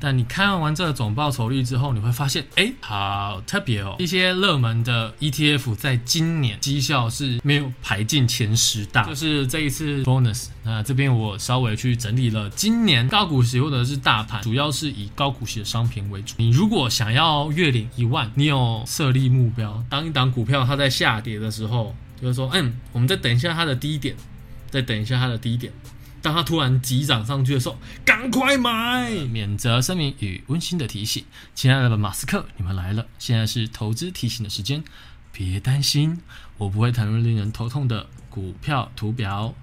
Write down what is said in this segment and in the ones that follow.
但你看完這個總報酬率之後，你會發現，哎、欸，好特別哦！一些熱門的 ETF 在今年績效是沒有排進前十大、嗯，就是這一次 bonus。那這邊我稍微去整理了，今年高股息或者是大盤，主要是以高股息的商品為主。你如果想要月領一萬，你有設立目標，當一檔股票它在下跌的時候，就是說，嗯、欸，我們再等一下它的低點，再等一下它的低點。當他突然急漲上去的時候，趕快買！免責聲明與溫馨的提醒：親愛的馬斯克，你們來了。現在是投資提醒的時間，別擔心，我不會談論令人頭痛的股票圖表，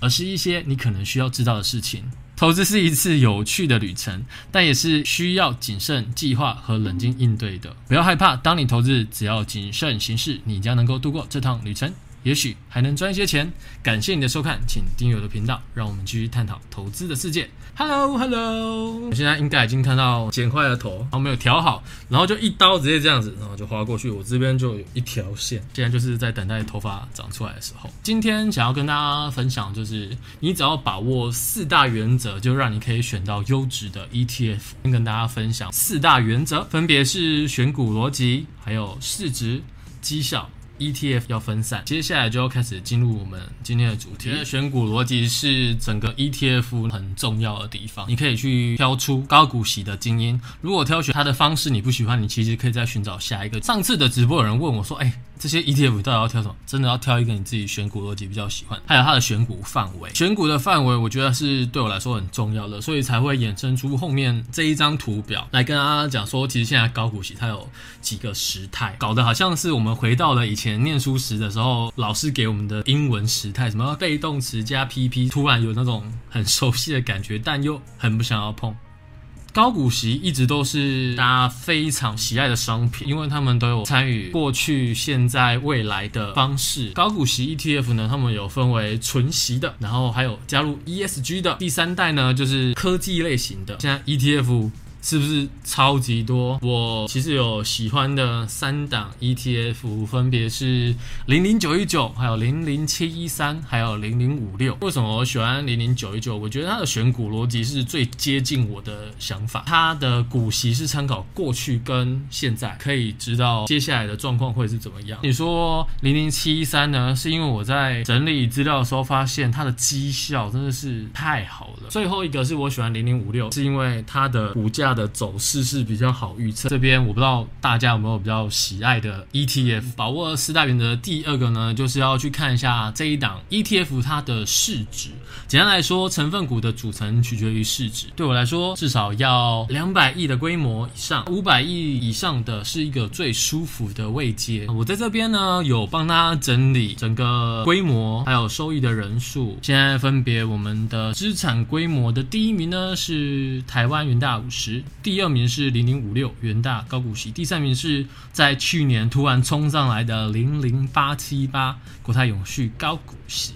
而是一些你可能需要知道的事情。投資是一次有趣的旅程，但也是需要謹慎、計劃和冷靜應對的。不要害怕，當你投資，只要謹慎行事，你將能夠度過這趟旅程。也許還能賺一些錢。感謝你的收看，請訂閱我的頻道，讓我們繼續探討投資的世界。Hello，Hello，hello 我現在應該已經看到剪壞了頭，然後沒有調好，然後就一刀直接這樣子，然後就劃過去。我這邊就有一條線，現在就是在等待的頭髮長出來的時候。今天想要跟大家分享，就是你只要把握四大原則，就讓你可以選到優質的 ETF。先跟大家分享四大原則，分別是選股邏輯，還有市值、績效。ETF 要分散，接下來就要開始進入我們今天的主題。其實選股邏輯是整個 ETF 很重要的地方，你可以去挑出高股息的精英。如果挑選它的方式你不喜歡，你其實可以再尋找下一個。上次的直播有人問我說：“哎、欸。”這些 ETF 到底要挑什麼？真的要挑一個你自己選股邏輯比較喜歡，還有它的選股範圍。選股的範圍，我覺得是對我來說很重要的，所以才會衍生出後面這一張圖表來跟大家講說，其實現在高股息它有幾個時態，搞得好像是我們回到了以前念書時的時候，老師給我們的英文時態，什麼被動詞加 PP，突然有那種很熟悉的感覺，但又很不想要碰。高股息一直都是大家非常喜愛的商品，因為他們都有參與過去、現在、未來的方式。高股息 ETF 呢，他們有分為純息的，然後還有加入 ESG 的。第三代呢，就是科技類型的現在 ETF。是不是超級多？我其實有喜歡的三檔 ETF，分別是零零九一九、還有零零七一三、還有零零五六。為什麼我喜歡零零九一九？我覺得它的選股邏輯是最接近我的想法。它的股息是參考過去跟現在，可以知道接下來的狀況會是怎麼樣。你說零零七一三呢？是因為我在整理資料的時候發現它的績效真的是太好了。最後一個是我喜歡零零五六，是因為它的股價。它的走勢是比較好預測。這邊我不知道大家有沒有比較喜愛的 ETF，把握四大原則。第二個呢，就是要去看一下這一檔 ETF 它的市值。簡單來說，成分股的組成取決於市值。對我來說，至少要兩百億的規模以上，五百億以上的是一個最舒服的位階。我在這邊呢有幫他整理整個規模還有收益的人數。現在分別我們的資產規模的第一名呢是台灣元大五十。第二名是零零五六元大高股息，第三名是在去年突然衝上來的零零八七八國泰永續高股息。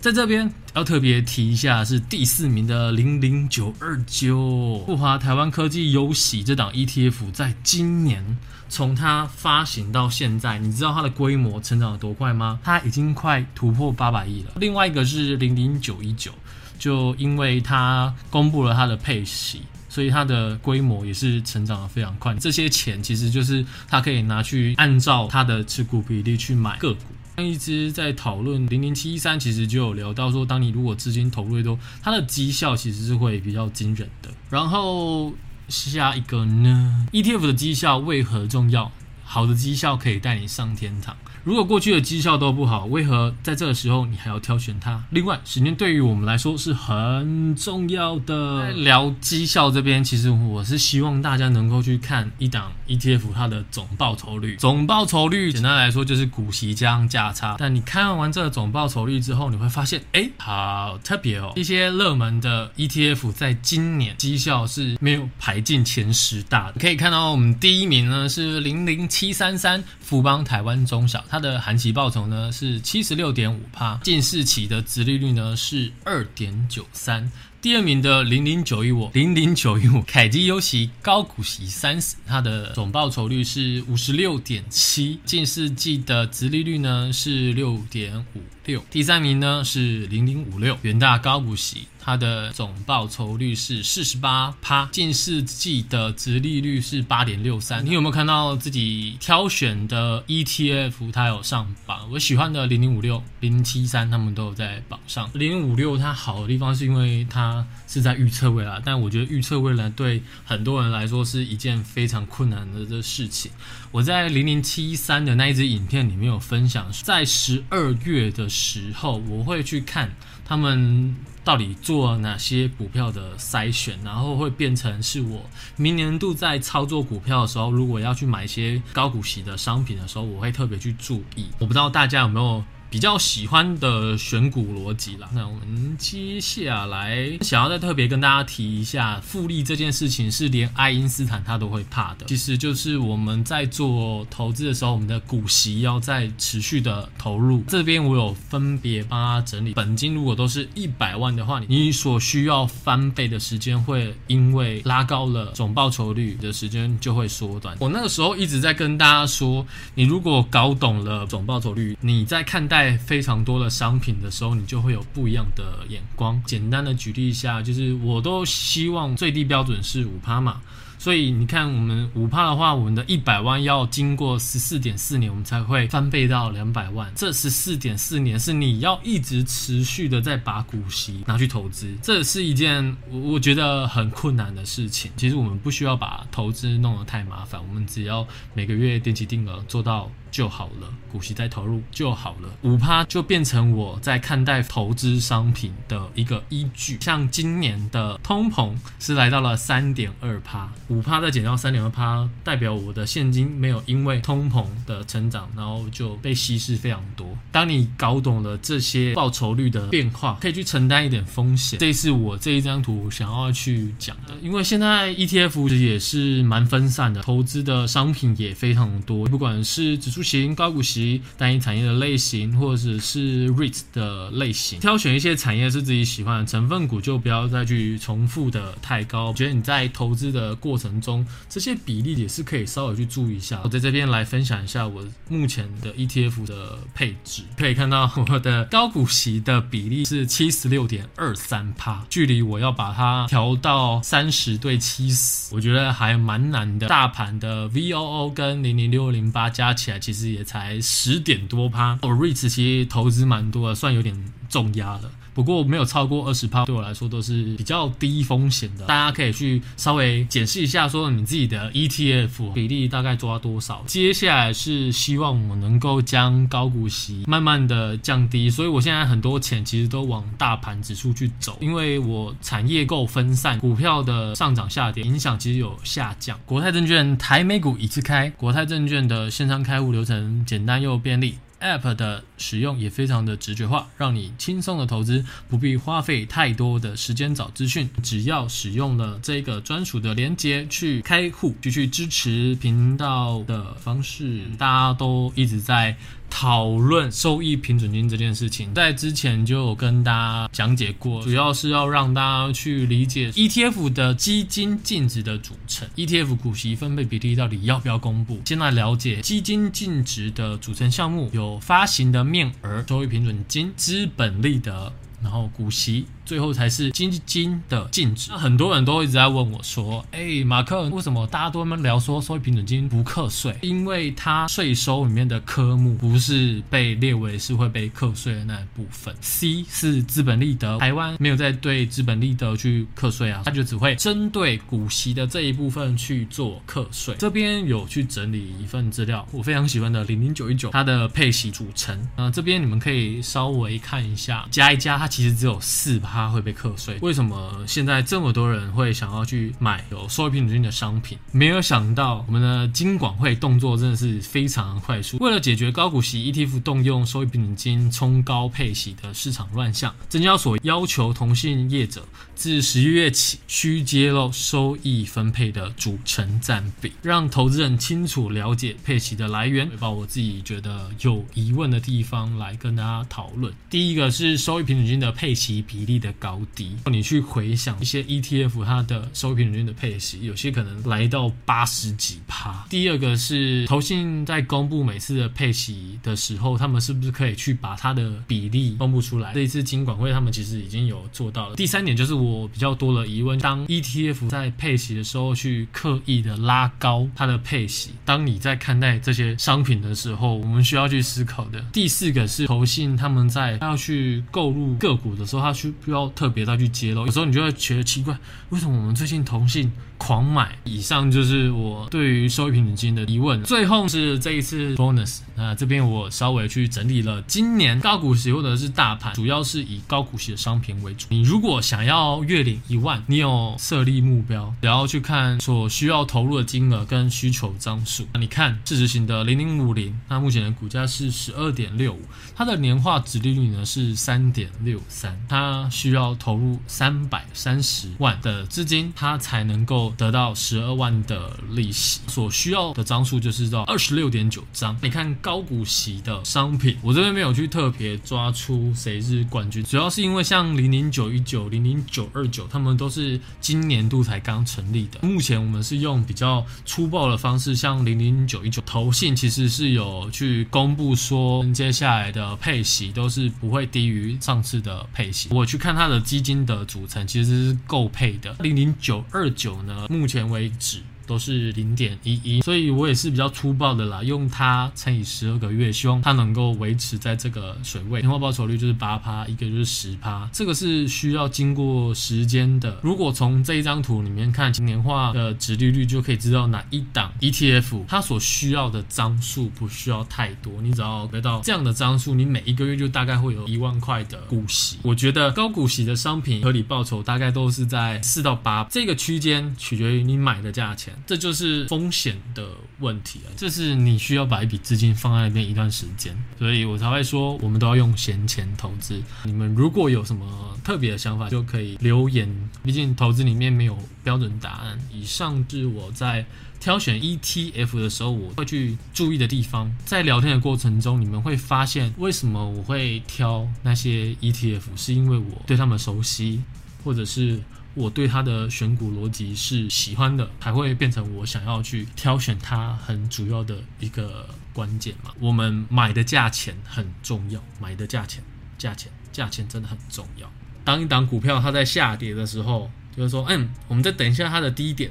在這邊要特別提一下是第四名的零零九二九復華台灣科技優息這檔 ETF，在今年從它發行到現在，你知道它的規模成長有多快嗎？它已經快突破八百億了。另外一個是零零九一九，就因為它公布了它的配息。所以它的規模也是成長的非常快，這些錢其實就是它可以拿去按照它的持股比例去買個股。像一支在討論零零七一三，其實就有聊到說，當你如果資金投入越多，它的績效其實是會比較驚人的。然後下一個呢，ETF 的績效為何重要？好的績效可以帶你上天堂。如果過去的績效都不好，為何在這個時候你還要挑選它？另外，時間對於我們來說是很重要的。在聊績效這邊，其實我是希望大家能夠去看一檔 ETF 它的總報酬率。總報酬率簡單來說就是股息加上價差。但你看完這個總報酬率之後，你會發現，哎，好特別哦！一些熱門的 ETF 在今年績效是沒有排進前十大的。可以看到，我們第一名呢是零零七三三富邦台灣中小。它的含息報酬呢是七十六點五趴，近四季的殖利率呢是二點九三。第二名的零零九一五零零九一五凱基優息高股息三十，它的總報酬率是五十六點七，近四季的殖利率呢是六點五六。第三名呢是零零五六元大高股息。它的總報酬率是四十八趴，近四季的殖利率是八點六三。你有沒有看到自己挑選的 ETF？它有上榜。我喜歡的零零五六、零七三，他們都有在榜上。零五六它好的地方是因為它是在預測未來啊，但我覺得預測未來呢，對很多人來說是一件非常困難的事情。我在零零七三的那一支影片裡面有分享，在十二月的時候我會去看。他們到底做了哪些股票的篩選，然後會變成是我明年度在操作股票的時候，如果要去買一些高股息的商品的時候，我會特別去注意。我不知道大家有沒有。比較喜歡的選股邏輯啦。那我們接下來想要再特別跟大家提一下複利這件事情，是連愛因斯坦他都會怕的。其實就是我們在做投資的時候，我們的股息要在持續的投入。這邊我有分別幫他整理，本金如果都是一百萬的話，你所需要翻倍的時間會因為拉高了總報酬率的時間就會縮短。我那個時候一直在跟大家說，你如果搞懂了總報酬率，你在看待。在非常多的商品的時候，你就會有不一樣的眼光。簡單的舉例一下，就是我都希望最低標準是五趴嘛。所以你看，我們五趴的話，我們的一百萬要經過十四點四年，我們才會翻倍到兩百萬。這十四點四年是你要一直持續的在把股息拿去投資，這是一件我，我覺得很困難的事情。其實我們不需要把投資弄得太麻煩，我們只要每個月定期定額做到就好了，股息再投入就好了。五趴就變成我在看待投資商品的一個依據。像今年的通膨是來到了三點二趴。五趴再減掉三點二趴，代表我的現金沒有因為通膨的成長，然後就被稀釋非常多。當你搞懂了這些報酬率的變化，可以去承擔一點風險。這是我這一張圖想要去講的。因為現在 ETF 其實也是蠻分散的，投資的商品也非常多，不管是指數型、高股息、單一產業的類型，或者是，是 REIT 的類型，挑選一些產業是自己喜歡的成分股，就不要再去重複的太高。我覺得你在投資的過程，程中，這些比例也是可以稍微去注意一下。我在這邊來分享一下我目前的 ETF 的配置，可以看到我的高股息的比例是七十六點二三趴，距離我要把它調到三十對七十，我覺得還蠻難的。大盤的 VOO 跟零零六二零八加起來其實也才十點多趴，我 REITs 其實投資蠻多的，算有點重壓了。不過沒有超過二十趴，對我來說都是比較低風險的。大家可以去稍微解釋一下，說你自己的 ETF 比例大概抓多少？接下來是希望我能夠將高股息慢慢的降低，所以我現在很多錢其實都往大盤指數去走，因為我產業夠分散，股票的上漲下跌影響其實有下降。國泰證券台美股一次開，國泰證券的線上開戶流程簡單又便利。app 的使用也非常的直覺化，讓你輕鬆的投資，不必花費太多的時間找資訊。只要使用了這個專屬的連接去開戶，繼續支持頻道的方式，大家都一直在。討論收益平準金這件事情，在之前就有跟大家講解過，主要是要讓大家去理解 ETF 的基金淨值的組成，ETF 股息分配比例到底要不要公布？先來了解基金淨值的組成項目，有發行的面額、收益平準金、資本利得。然後股息最後才是基金的淨值。很多人都一直在問我說：“哎、欸，馬克，為什麼大家都那麼聊說收益平準金不課稅？因為它稅收裡面的科目不是被列為是會被課稅的那一部分。C 是資本利得，台灣沒有在對資本利得去課稅啊，它就只會針對股息的這一部分去做課稅。這邊有去整理一份資料，我非常喜歡的零零九一九它的配息組成啊，那這邊你們可以稍微看一下，加一加它。其實只有四趴會被課稅，為什麼現在這麼多人會想要去買有收益平準金的商品？沒有想到我們的金管會動作真的是非常的快速，為了解決高股息 ETF 動用收益平準金衝高配息的市場亂象，證交所要求投信業者自十一月起需揭露收益分配的組成占比，讓投資人清楚了解配息的來源。把我自己覺得有疑問的地方來跟大家討論。第一個是收益平準金。的配息比例的高低，你去回想一些 ETF 它的收益平準金的配息，有些可能來到八十幾趴。第二個是投信在公布每次的配息的時候，他們是不是可以去把它的比例公布出來？這一次金管會他們其實已經有做到了。第三點就是我比較多的疑問：當 ETF 在配息的時候去刻意的拉高它的配息，當你在看待這些商品的時候，我們需要去思考的。第四個是投信他們在要去購入各個股的時候，他需不要特別再去揭露？有時候你就會覺得奇怪，為什麼我們最近同性狂買！以上就是我對於收益平準金的疑問。最後是這一次 bonus，那這邊我稍微去整理了今年高股息或者是大盤，主要是以高股息的商品為主。你如果想要月領一萬，你有設立目標，然後去看所需要投入的金額跟需求張數。那你看市值型的零零五零，那目前的股價是十二點六五，它的年化殖利率呢是三點六三，它需要投入三百三十萬的資金，它才能夠，得到十二萬的利息，所需要的張數就是到二十六點九張。你看高股息的商品，我這邊沒有去特別抓出誰是冠軍，主要是因為像零零九一九、零零九二九，他們都是今年度才剛成立的。目前我們是用比較粗暴的方式，像零零九一九，投信其實是有去公布說接下來的配息都是不會低於上次的配息。我去看它的基金的組成，其實是夠配的。零零九二九呢？目前為止。都是零點一一，所以我也是比較粗暴的啦，用它乘以十二個月，希望它能夠維持在這個水位。年化報酬率就是八趴，一個就是十趴，這個是需要經過時間的。如果從這一張圖裡面看，年化的殖利率就可以知道哪一檔 ETF 它所需要的張數不需要太多，你只要得到這樣的張數，你每一個月就大概會有一萬塊的股息。我覺得高股息的商品合理報酬大概都是在四到八這個區間，取決於你買的價錢。這就是風險的問題，這是你需要把一筆資金放在那邊一段時間，所以我才會說我們都要用閒錢投資。你們如果有什麼特別的想法，就可以留言。畢竟投資裡面沒有標準答案。以上是我在挑選 ETF 的時候我會去注意的地方。在聊天的過程中，你們會發現為什麼我會挑那些 ETF，是因為我對他們熟悉，或者是。我對他的選股邏輯是喜歡的，才會變成我想要去挑選它很主要的一個關鍵嘛。我們買的價錢很重要，買的價錢，價錢，價錢真的很重要。當一檔股票它在下跌的時候，就是說，嗯、哎，我們再等一下它的低點，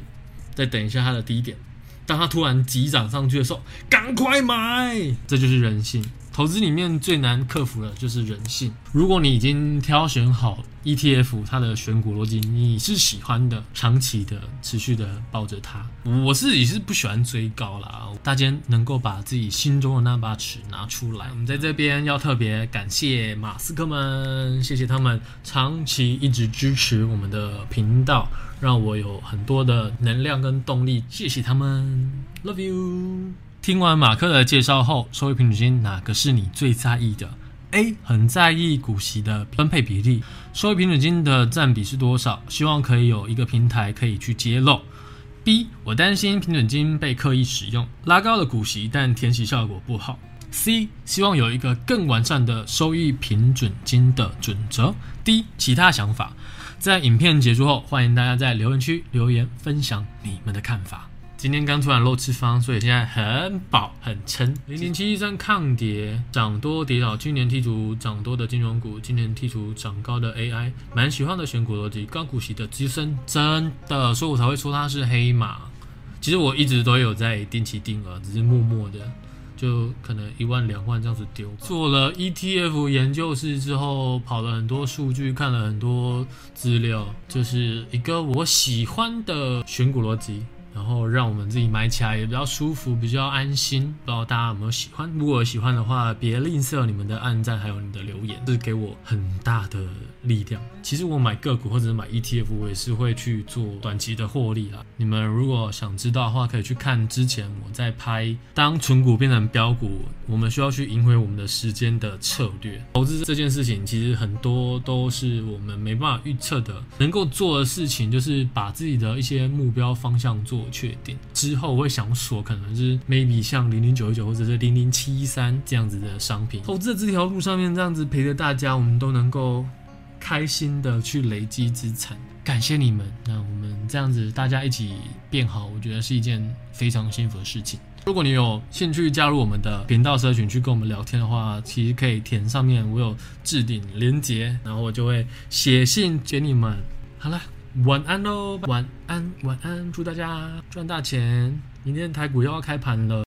再等一下它的低點。當它突然急漲上去的時候，趕快買，這就是人性。投資裡面最難克服的就是人性。如果你已經挑選好 ETF，它的選股邏輯你是喜歡的，長期的持續的抱着它，我自己是不喜歡追高啦。大家能夠把自己心中的那把尺拿出來。我們在這邊要特別感謝馬濕克們，謝謝他們長期一直支持我們的頻道，讓我有很多的能量跟動力。謝謝他們，Love you。聽完馬克的介紹後，收益平準金哪個是你最在意的？A 很在意股息的分配比例，收益平準金的佔比是多少？希望可以有一個平台可以去揭露。B 我擔心平準金被刻意使用，拉高了股息，但填息效果不好。C 希望有一個更完善的收益平準金的準則。D 其他想法。在影片結束後，歡迎大家在留言區留言分享你們的看法。今天剛出完漏吃方，所以現在很飽很撐。零零七一三抗跌漲多跌少，去年剔除漲多的金融股，今年剔除漲高的 AI，蠻喜歡的選股邏輯。高股息的支撐，真的，所以我才會說它是黑馬。其實我一直都有在定期定額、啊，只是默默的，就可能一萬兩萬這樣子丟。做了 ETF 研究室之後，跑了很多數據，看了很多資料，就是一個我喜歡的選股邏輯。然後讓我們自己買起來也比較舒服，比較安心。不知道大家有沒有喜歡？如果喜歡的話，別吝嗇你們的按讚，還有你的留言，這是給我很大的。力量。其實我買個股或者是買 ETF，我也是會去做短期的獲利啦。你們如果想知道的話，可以去看之前我在拍《當存股變成標股，我們需要去贏回我們的時間的策略》。投資這件事情其實很多都是我們沒辦法預測的，能夠做的事情就是把自己的一些目標方向做確定之後，我會想說，可能是 maybe 像零零九一九或者是零零七一三這樣子的商品。投資的這條路上面，這樣子陪着大家，我們都能夠。開心的去累積資產，感謝你們。那我們這樣子大家一起變好，我覺得是一件非常幸福的事情。如果你有興趣加入我們的頻道社群去跟我們聊天的話，其實可以填上面我有置頂連結，然後我就會寫信給你們。好啦，晚安嘍、哦，晚安，晚安，祝大家賺大錢！明天台股又要開盤了。